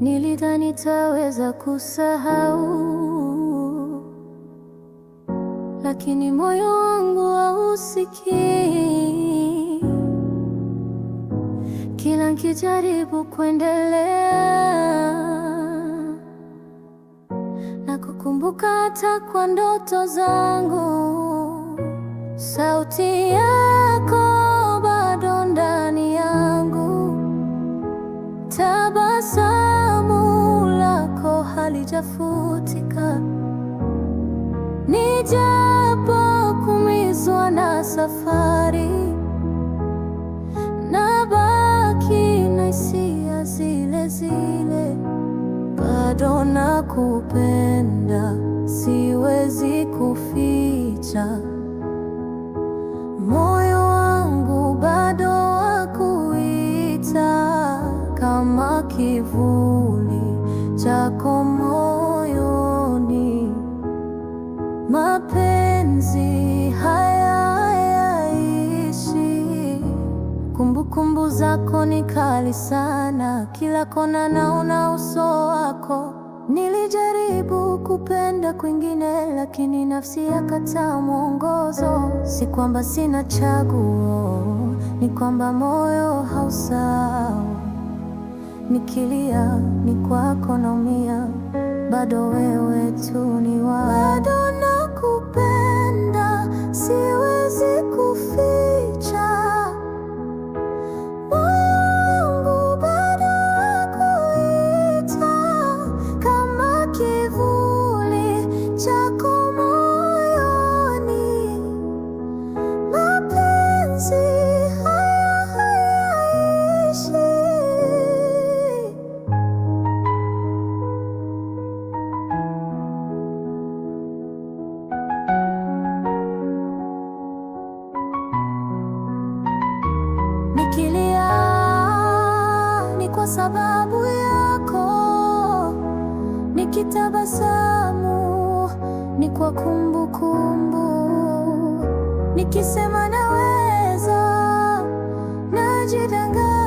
Nilidhani taweza kusahau, lakini moyo wangu hausikii. Kila nikijaribu kuendelea na kukumbuka hata kwa ndoto zangu, sauti yako kitafutika, nijapo kumizwa na safari, na baki na hisia zile zile, bado nakupenda, siwezi kuficha moyo wangu bado wakuita kama kivuli cha Mapenzi hayaishi, kumbukumbu zako ni kali sana, kila kona naona uso wako. Nilijaribu kupenda kwingine, lakini nafsi yakataa mwongozo. Si kwamba sina chaguo, ni kwamba moyo hausahau. Nikilia ni kwako naumia, bado wewe tu ni wa Nikilia ni kwa sababu yako, nikitabasamu ni kwa kumbukumbu kumbu. Nikisema na 几片刻。